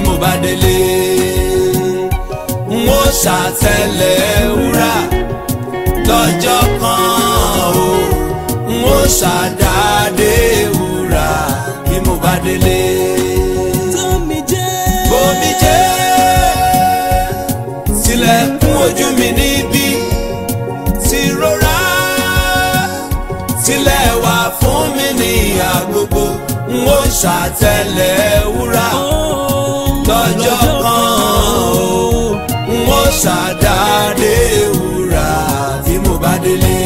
bí mo bá délé n ó ṣàtẹ̀lẹ̀ wúrà lọ́jọ́ kan o n ó ṣàdáde wúrà bí mo bá délé. tómijé ojú mi níbí ti rọra tilẹ̀ wà fún mi ní ìhà gbogbo n ó ṣàtẹ̀lẹ̀ wúrà. Oh. ṣàdáde wúrà tí mo bá délé.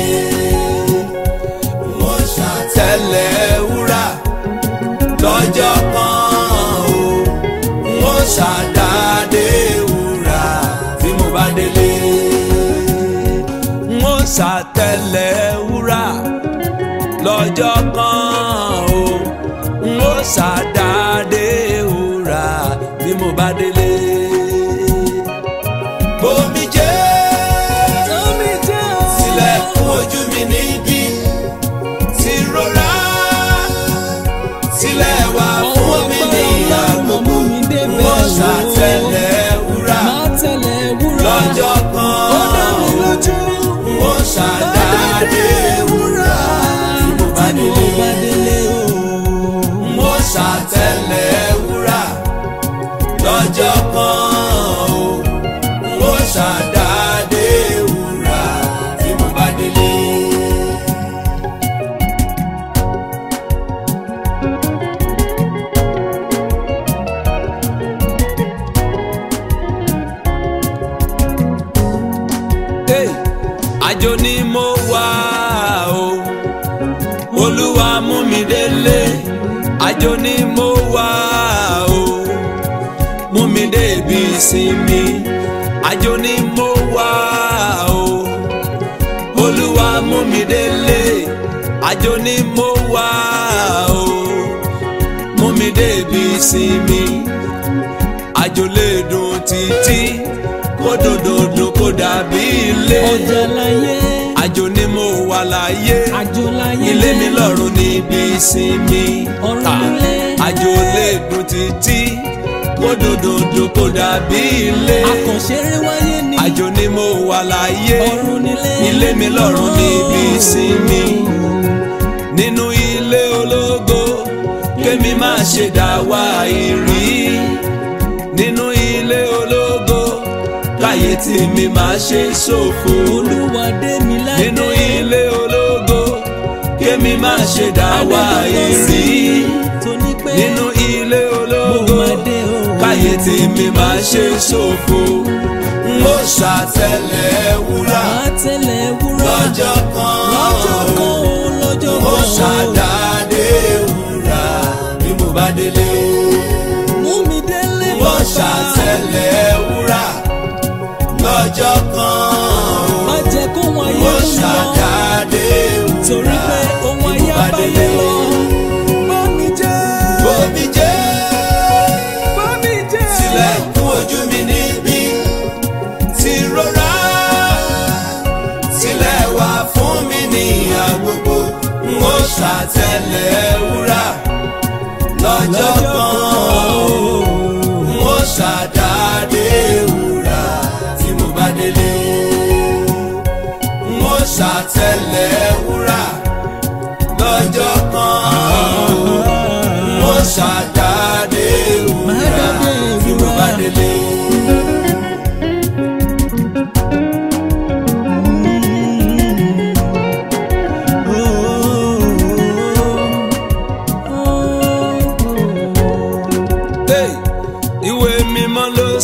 mo ṣàtẹ̀lẹ̀ wúrà lọ́jọ́ kan o mo ṣàdáde wúrà tí mo bá délé. mo ṣàtẹ̀lẹ̀ wúrà lọ́jọ́ kan o mo ṣàdáde wúrà tí mo bá délé. olúwa mú mi délé àjò ni mo wà o mú mi dé ibi ìsinmi àjò ni mo wà o olúwa mú mi délé àjò ni mo wà o mú mi dé ibi ìsinmi àjò lè dùn títí kó dòdòdò kó dàbí ilé. ọjà láyé àjò ni mo wà láyé ilé mi lọ́run níbi ìsinmi ta àjò lè dùn títí kó dòdòdò kó dàbí ilé àjò ni mo wà láyé ilé mi lọ́run níbi ìsinmi nínú ilé ológo kémi má ṣe dá wá ayé tèmi máa ṣe ṣòfò Olúwa dé mi ládé nínú ilé ológo kémi máa ṣe dáwà èrí nínú ilé ológo káyé tèmi máa ṣe ṣòfò n ó ṣàtẹlẹ̀ wúrà lọ́jọ́ kan ó ṣàdáwà. lọ́jọ́ kan o. má jẹ́ kó wọn ayé ó ṣàjáde wúrà torí pé ohun ayé abáyé lọ. bómi jẹ́ bómi jẹ́ bómi jẹ́ tilẹ̀kùn ojú mi níbí ti rọra tilẹ̀ wà fún mi ní àgbègbè n ó ṣàtẹ̀lẹ̀ lọ́jọ́ kan.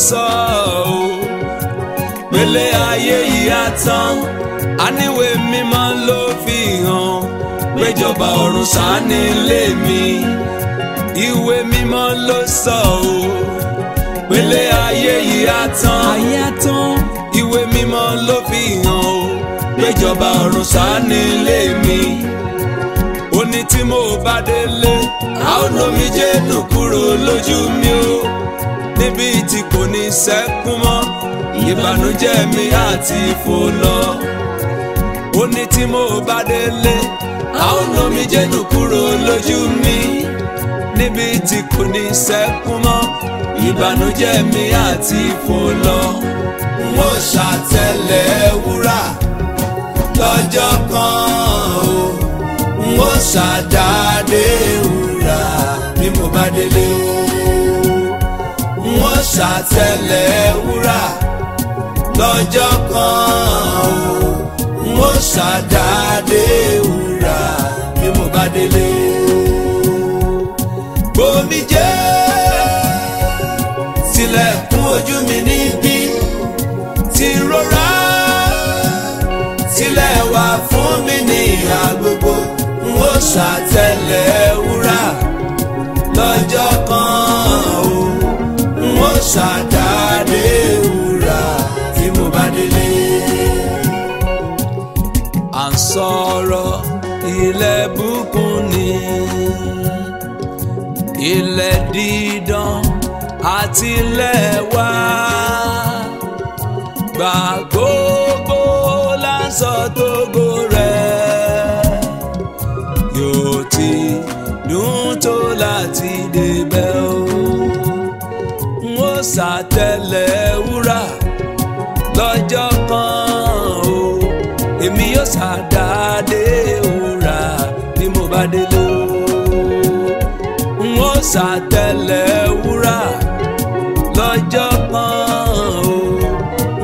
sọ o pélé ayé yìí á tán aníwè mímọ́ ló fi hàn péjọba ọ̀run sáni ilé mi ìwé mímọ́ ló sọ o pélé ayé yìí á tán ayé tán ìwé mímọ́ ló fi hàn péjọba ọ̀run sáni ilé mi ó ní tí mo bá délé a ó jẹ́ nù kúrò lójú mi o níbi tí kò ní sẹ́kún mọ́ ìbànújẹ́ mi àti ìfò lọ. ó ní tí mo bá délé a ó nà mí jẹ́nu kúrò lójú mi níbi tí kò ní sẹ́kún mọ́ ìbànújẹ́ mi àti ìfò lọ. mo ṣàtẹ̀lẹ̀ wúrà lọ́jọ́ kan o mo ṣàdáde wúrà bí mo bá délé o ṣàtẹ̀lẹ̀ wúrà lọ́jọ́ kan n ó ṣàdáde wúrà bí mo bá délé. Omijé tilẹ̀kùn ojú mi níbí ti rọra tilẹ̀ wà fún mi ní ìhà gbogbo n ó ṣàtẹ̀lẹ̀. ilẹ̀ bùkún ni ilẹ̀ dídán àti ilẹ̀ wá gbà lásán tó go ṣàtẹlẹ wúrà lọ́jọ́ kan o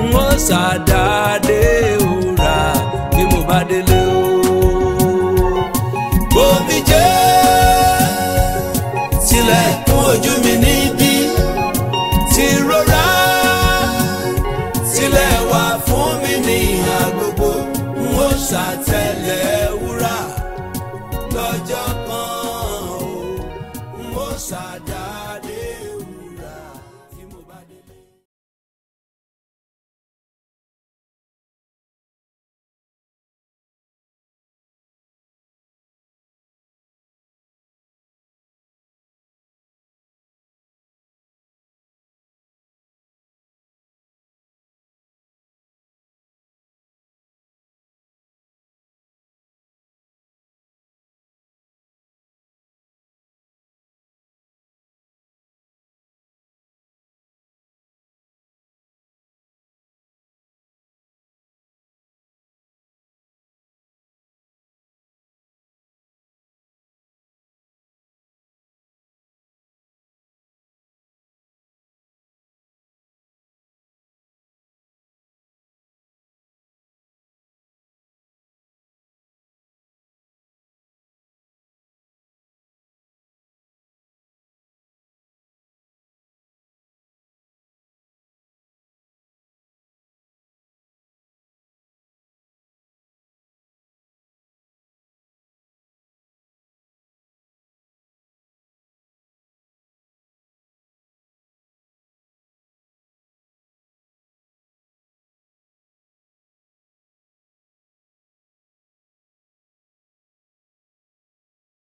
n ó ṣàdáde wúrà bí mo bá délé o. bómi jẹ́ tilẹ̀kùn ojú mi níbí ti rọra tilẹ̀ wà fún mi ní ìhà gbogbo n ó ṣàtẹlẹ.